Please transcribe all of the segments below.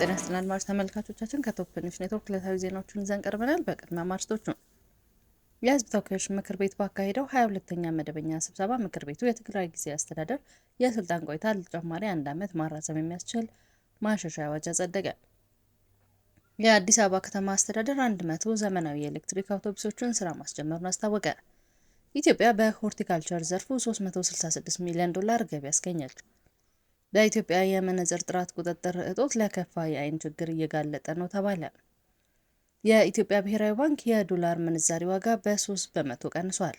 ሰላም ጤና አድማጭ ተመልካቾቻችን ከቶፕ ትንሽ ኔትወርክ ዕለታዊ ዜናዎችን ይዘን ቀርበናል። በቅድሚያ ማርዕስቶቹን የህዝብ ተወካዮች ምክር ቤት ባካሄደው ሀያ ሁለተኛ መደበኛ ስብሰባ ምክር ቤቱ የትግራይ ጊዜ አስተዳደር የስልጣን ቆይታ ለተጨማሪ አንድ ዓመት ማራዘም የሚያስችል ማሻሻያ አዋጅ አጸደቀ። የአዲስ አበባ ከተማ አስተዳደር አንድ መቶ ዘመናዊ የኤሌክትሪክ አውቶቡሶችን ስራ ማስጀመሩን አስታወቀ። ኢትዮጵያ በሆርቲካልቸር ዘርፉ 366 ሚሊዮን ዶላር ገቢ አስገኘች። በኢትዮጵያ የመነጽር ጥራት ቁጥጥር እጦት ለከፋ የዓይን ችግር እየጋለጠ ነው ተባለ። የኢትዮጵያ ብሔራዊ ባንክ የዶላር ምንዛሬ ዋጋ በ3 በመቶ ቀንሷል።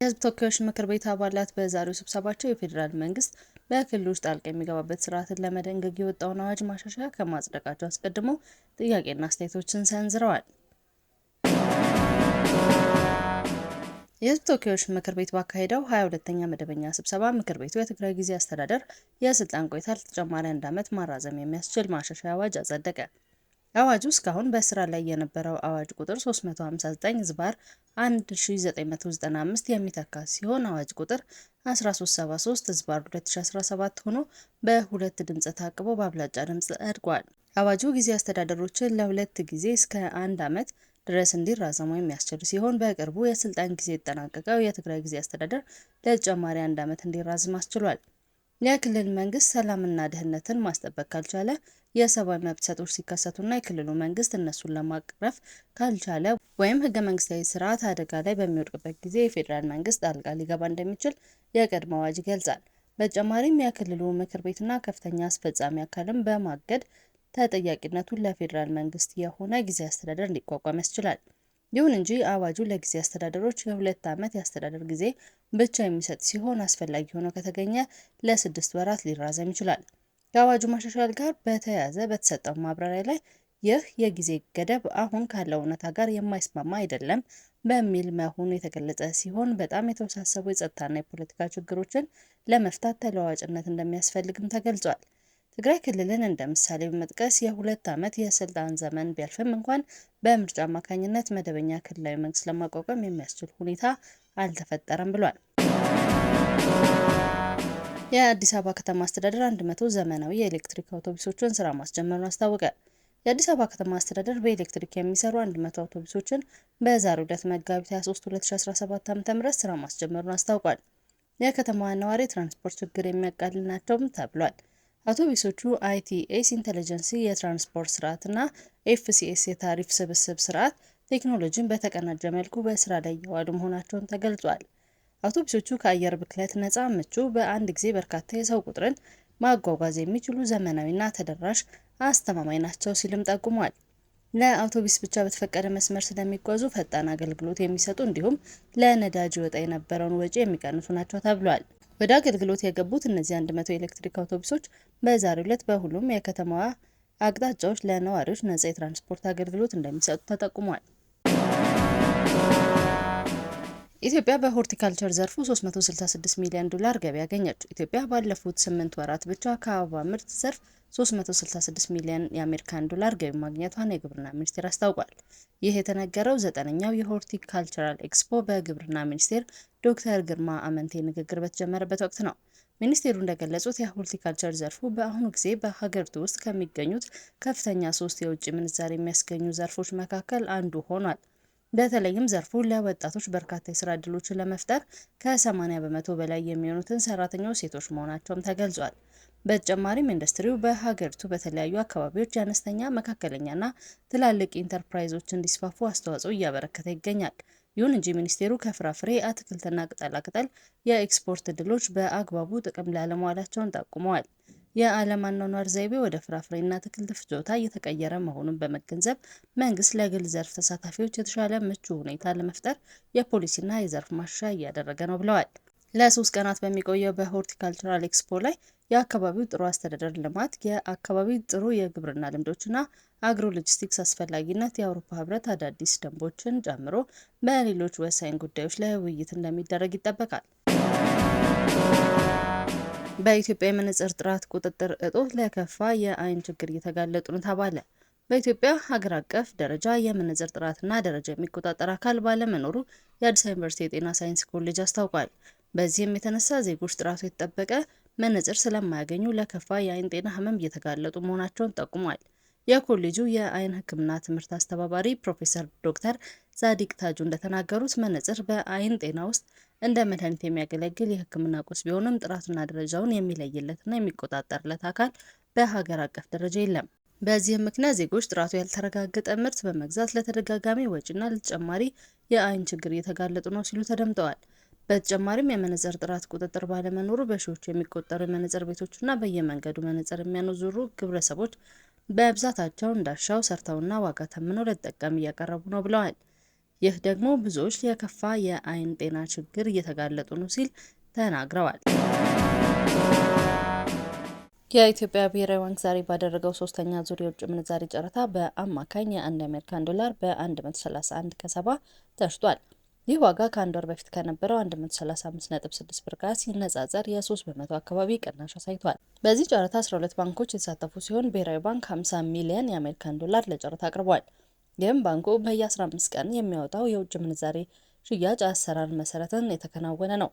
የህዝብ ተወካዮች ምክር ቤት አባላት በዛሬው ስብሰባቸው የፌዴራል መንግስት በክልል ውስጥ ጣልቃ የሚገባበት ስርዓትን ለመደንገግ የወጣውን አዋጅ ማሻሻያ ከማጽደቃቸው አስቀድሞ ጥያቄና አስተያየቶችን ሰንዝረዋል። የህዝብ ተወካዮች ምክር ቤት ባካሄደው 22ኛ መደበኛ ስብሰባ ምክር ቤቱ የትግራይ ጊዜ አስተዳደር የስልጣን ቆይታ ለተጨማሪ አንድ ዓመት ማራዘም የሚያስችል ማሻሻያ አዋጅ አጸደቀ። አዋጁ እስካሁን በስራ ላይ የነበረው አዋጅ ቁጥር 359 ዝባር 1995 የሚተካ ሲሆን አዋጅ ቁጥር 1373 ዝባር 2017 ሆኖ በሁለት ድምፅ ታቅቦ በአብላጫ ድምፅ ጸድቋል። አዋጁ ጊዜ አስተዳደሮችን ለሁለት ጊዜ እስከ አንድ ዓመት ድረስ እንዲራዘሙ የሚያስችል ሲሆን በቅርቡ የስልጣን ጊዜ የተጠናቀቀው የትግራይ ጊዜ አስተዳደር ለተጨማሪ አንድ ዓመት እንዲራዘም አስችሏል። የክልል መንግስት ሰላምና ደህንነትን ማስጠበቅ ካልቻለ፣ የሰብአዊ መብት ጥሰቶች ሲከሰቱና የክልሉ መንግስት እነሱን ለማቅረፍ ካልቻለ ወይም ህገ መንግስታዊ ስርዓት አደጋ ላይ በሚወድቅበት ጊዜ የፌዴራል መንግስት ጣልቃ ሊገባ እንደሚችል የቀድሞ አዋጅ ይገልጻል። በተጨማሪም የክልሉ ምክር ቤትና ከፍተኛ አስፈጻሚ አካልን በማገድ ተጠያቂነቱን ለፌዴራል መንግስት የሆነ ጊዜ አስተዳደር እንዲቋቋም ያስችላል። ይሁን እንጂ አዋጁ ለጊዜ አስተዳደሮች የሁለት ዓመት የአስተዳደር ጊዜ ብቻ የሚሰጥ ሲሆን አስፈላጊ ሆኖ ከተገኘ ለስድስት ወራት ሊራዘም ይችላል። ከአዋጁ ማሻሻል ጋር በተያያዘ በተሰጠው ማብራሪያ ላይ ይህ የጊዜ ገደብ አሁን ካለው እውነታ ጋር የማይስማማ አይደለም በሚል መሆኑ የተገለጸ ሲሆን በጣም የተወሳሰቡ የጸጥታና የፖለቲካ ችግሮችን ለመፍታት ተለዋዋጭነት እንደሚያስፈልግም ተገልጿል። ትግራይ ክልልን እንደ ምሳሌ በመጥቀስ የሁለት ዓመት የስልጣን ዘመን ቢያልፍም እንኳን በምርጫ አማካኝነት መደበኛ ክልላዊ መንግስት ለማቋቋም የሚያስችል ሁኔታ አልተፈጠረም ብሏል። የአዲስ አበባ ከተማ አስተዳደር 100 ዘመናዊ የኤሌክትሪክ አውቶቡሶችን ስራ ማስጀመሩን አስታወቀ። የአዲስ አበባ ከተማ አስተዳደር በኤሌክትሪክ የሚሰሩ 100 አውቶቡሶችን በዛሬው ዕለት መጋቢት 23 2017 ዓ.ም ስራ ማስጀመሩን አስታውቋል። የከተማዋ ነዋሪ ትራንስፖርት ችግር የሚያቃልል ናቸውም ተብሏል። አውቶቡሶቹ አይቲኤስ ኤስ ኢንተለጀንሲ የትራንስፖርት ስርዓት ና ኤፍሲኤስ የታሪፍ ስብስብ ስርዓት ቴክኖሎጂን በተቀናጀ መልኩ በስራ ላይ እየዋሉ መሆናቸውን ተገልጿል። አውቶቡሶቹ ከአየር ብክለት ነፃ፣ ምቹ፣ በአንድ ጊዜ በርካታ የሰው ቁጥርን ማጓጓዝ የሚችሉ ዘመናዊና ተደራሽ አስተማማኝ ናቸው ሲልም ጠቁሟል። ለአውቶቡስ ብቻ በተፈቀደ መስመር ስለሚጓዙ ፈጣን አገልግሎት የሚሰጡ እንዲሁም ለነዳጅ ወጣ የነበረውን ወጪ የሚቀንሱ ናቸው ተብሏል። ወደ አገልግሎት የገቡት እነዚህ 100 የኤሌክትሪክ አውቶቡሶች በዛሬው ዕለት በሁሉም የከተማዋ አቅጣጫዎች ለነዋሪዎች ነጻ የትራንስፖርት አገልግሎት እንደሚሰጡ ተጠቁሟል። ኢትዮጵያ በሆርቲካልቸር ዘርፉ 366 ሚሊዮን ዶላር ገቢ ያገኘች። ኢትዮጵያ ባለፉት 8 ወራት ብቻ ከአበባ ምርት ዘርፍ 366 ሚሊዮን የአሜሪካን ዶላር ገቢ ማግኘቷን የግብርና ሚኒስቴር አስታውቋል። ይህ የተነገረው ዘጠነኛው የሆርቲካልቸራል ኤክስፖ በግብርና ሚኒስቴር ዶክተር ግርማ አመንቴ ንግግር በተጀመረበት ወቅት ነው። ሚኒስቴሩ እንደገለጹት የሆርቲካልቸር ዘርፉ በአሁኑ ጊዜ በሀገሪቱ ውስጥ ከሚገኙት ከፍተኛ ሶስት የውጭ ምንዛሪ የሚያስገኙ ዘርፎች መካከል አንዱ ሆኗል። በተለይም ዘርፉ ለወጣቶች በርካታ የስራ ዕድሎችን ለመፍጠር ከ80 በመቶ በላይ የሚሆኑትን ሰራተኞች ሴቶች መሆናቸውም ተገልጿል። በተጨማሪም ኢንዱስትሪው በሀገሪቱ በተለያዩ አካባቢዎች የአነስተኛ መካከለኛና ትላልቅ ኢንተርፕራይዞች እንዲስፋፉ አስተዋጽኦ እያበረከተ ይገኛል። ይሁን እንጂ ሚኒስቴሩ ከፍራፍሬ አትክልትና ቅጠላቅጠል የኤክስፖርት ዕድሎች በአግባቡ ጥቅም ላይ አለመዋላቸውን ጠቁመዋል። የዓለም አኗኗር ዘይቤ ወደ ፍራፍሬና አትክልት ፍጆታ እየተቀየረ መሆኑን በመገንዘብ መንግስት ለግል ዘርፍ ተሳታፊዎች የተሻለ ምቹ ሁኔታ ለመፍጠር የፖሊሲና የዘርፍ ማሻሻያ እያደረገ ነው ብለዋል። ለሶስት ቀናት በሚቆየው በሆርቲካልቸራል ኤክስፖ ላይ የአካባቢው ጥሩ አስተዳደር ልማት፣ የአካባቢው ጥሩ የግብርና ልምዶችና አግሮ ሎጂስቲክስ አስፈላጊነት፣ የአውሮፓ ህብረት አዳዲስ ደንቦችን ጨምሮ በሌሎች ወሳኝ ጉዳዮች ላይ ውይይት እንደሚደረግ ይጠበቃል። በኢትዮጵያ የመነጽር ጥራት ቁጥጥር እጦት ለከፋ የአይን ችግር እየተጋለጡ ነው ተባለ። በኢትዮጵያ ሀገር አቀፍ ደረጃ የመነጽር ጥራትና ደረጃ የሚቆጣጠር አካል ባለመኖሩ የአዲስ አበባ ዩኒቨርሲቲ የጤና ሳይንስ ኮሌጅ አስታውቋል። በዚህም የተነሳ ዜጎች ጥራቱ የተጠበቀ መነጽር ስለማያገኙ ለከፋ የአይን ጤና ህመም እየተጋለጡ መሆናቸውን ጠቁሟል። የኮሌጁ የአይን ሕክምና ትምህርት አስተባባሪ ፕሮፌሰር ዶክተር ዛዲቅ ታጁ እንደተናገሩት መነጽር በአይን ጤና ውስጥ እንደ መድኃኒት የሚያገለግል የሕክምና ቁስ ቢሆንም ጥራቱና ደረጃውን የሚለይለትና የሚቆጣጠርለት አካል በሀገር አቀፍ ደረጃ የለም። በዚህም ምክንያት ዜጎች ጥራቱ ያልተረጋገጠ ምርት በመግዛት ለተደጋጋሚ ወጪና ለተጨማሪ የአይን ችግር እየተጋለጡ ነው ሲሉ ተደምጠዋል። በተጨማሪም የመነጽር ጥራት ቁጥጥር ባለመኖሩ በሺዎች የሚቆጠሩ የመነጽር ቤቶችና በየመንገዱ መነጽር የሚያኖዙሩ ግብረሰቦች በብዛታቸው እንዳሻው ሰርተውና ዋጋ ተምነው ለተጠቃሚ እያቀረቡ ነው ብለዋል። ይህ ደግሞ ብዙዎች የከፋ የአይን ጤና ችግር እየተጋለጡ ነው ሲል ተናግረዋል። የኢትዮጵያ ብሔራዊ ባንክ ዛሬ ባደረገው ሶስተኛ ዙር የውጭ ምንዛሬ ጨረታ በአማካኝ የአንድ አሜሪካን ዶላር በ131 ከ70 ተሽጧል። ይህ ዋጋ ከአንድ ወር በፊት ከነበረው 135.6 ብር ጋር ሲነጻጸር የ3 በመቶ አካባቢ ቅናሽ አሳይቷል። በዚህ ጨረታ 12 ባንኮች የተሳተፉ ሲሆን ብሔራዊ ባንክ 50 ሚሊዮን የአሜሪካን ዶላር ለጨረታ አቅርቧል። ይህም ባንኩ በየ15 ቀን የሚያወጣው የውጭ ምንዛሬ ሽያጭ አሰራር መሰረትን የተከናወነ ነው።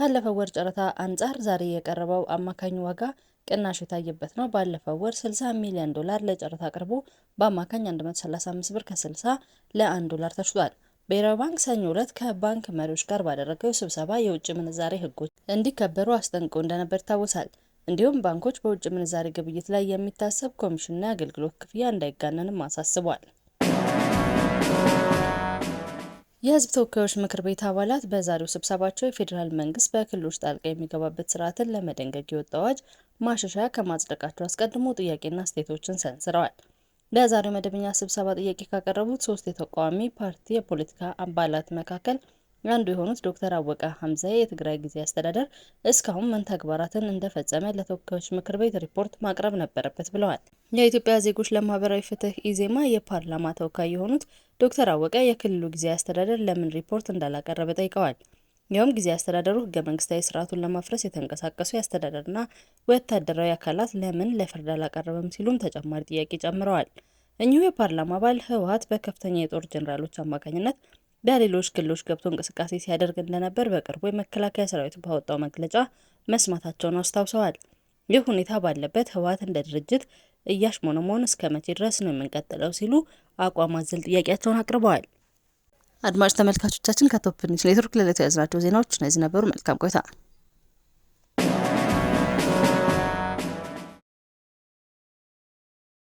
ካለፈው ወር ጨረታ አንጻር ዛሬ የቀረበው አማካኝ ዋጋ ቅናሽ የታየበት ነው። ባለፈው ወር 60 ሚሊዮን ዶላር ለጨረታ አቅርቦ በአማካኝ 135 ብር ከ60 ለ1 ዶላር ተሽጧል። ብሔራዊ ባንክ ሰኞ ዕለት ከባንክ መሪዎች ጋር ባደረገው ስብሰባ የውጭ ምንዛሬ ህጎች እንዲከበሩ አስጠንቅቆ እንደነበር ይታወሳል። እንዲሁም ባንኮች በውጭ ምንዛሬ ግብይት ላይ የሚታሰብ ኮሚሽንና የአገልግሎት ክፍያ እንዳይጋነንም አሳስቧል። የህዝብ ተወካዮች ምክር ቤት አባላት በዛሬው ስብሰባቸው የፌዴራል መንግስት በክልሎች ጣልቃ የሚገባበት ስርዓትን ለመደንገግ የወጣ አዋጅ ማሻሻያ ከማጽደቃቸው አስቀድሞ ጥያቄና አስተያየቶችን ሰንዝረዋል። ለዛሬው መደበኛ ስብሰባ ጥያቄ ካቀረቡት ሶስት የተቃዋሚ ፓርቲ የፖለቲካ አባላት መካከል አንዱ የሆኑት ዶክተር አወቀ ሀምዛ የትግራይ ጊዜ አስተዳደር እስካሁን ምን ተግባራትን እንደፈጸመ ለተወካዮች ምክር ቤት ሪፖርት ማቅረብ ነበረበት ብለዋል። የኢትዮጵያ ዜጎች ለማህበራዊ ፍትህ ኢዜማ የፓርላማ ተወካይ የሆኑት ዶክተር አወቀ የክልሉ ጊዜ አስተዳደር ለምን ሪፖርት እንዳላቀረበ ጠይቀዋል። ይኸውም ጊዜ አስተዳደሩ ህገ መንግስታዊ ስርዓቱን ለማፍረስ የተንቀሳቀሱ የአስተዳደርና ወታደራዊ አካላት ለምን ለፍርድ አላቀረበም ሲሉም ተጨማሪ ጥያቄ ጨምረዋል። እኚሁ የፓርላማ አባል ህወሀት በከፍተኛ የጦር ጀኔራሎች አማካኝነት በሌሎች ክልሎች ገብቶ እንቅስቃሴ ሲያደርግ እንደነበር በቅርቡ የመከላከያ ሰራዊቱ ባወጣው መግለጫ መስማታቸውን አስታውሰዋል። ይህ ሁኔታ ባለበት ህወሀት እንደ ድርጅት እያሽሞነመሆን እስከ መቼ ድረስ ነው የምንቀጥለው ሲሉ አቋም አዘል ጥያቄያቸውን አቅርበዋል። አድማጭ ተመልካቾቻችን ከቶፕ ኒውስ ኔትወርክ ለዕለቱ ያዝናቸው ዜናዎች እነዚህ ነበሩ። መልካም ቆይታ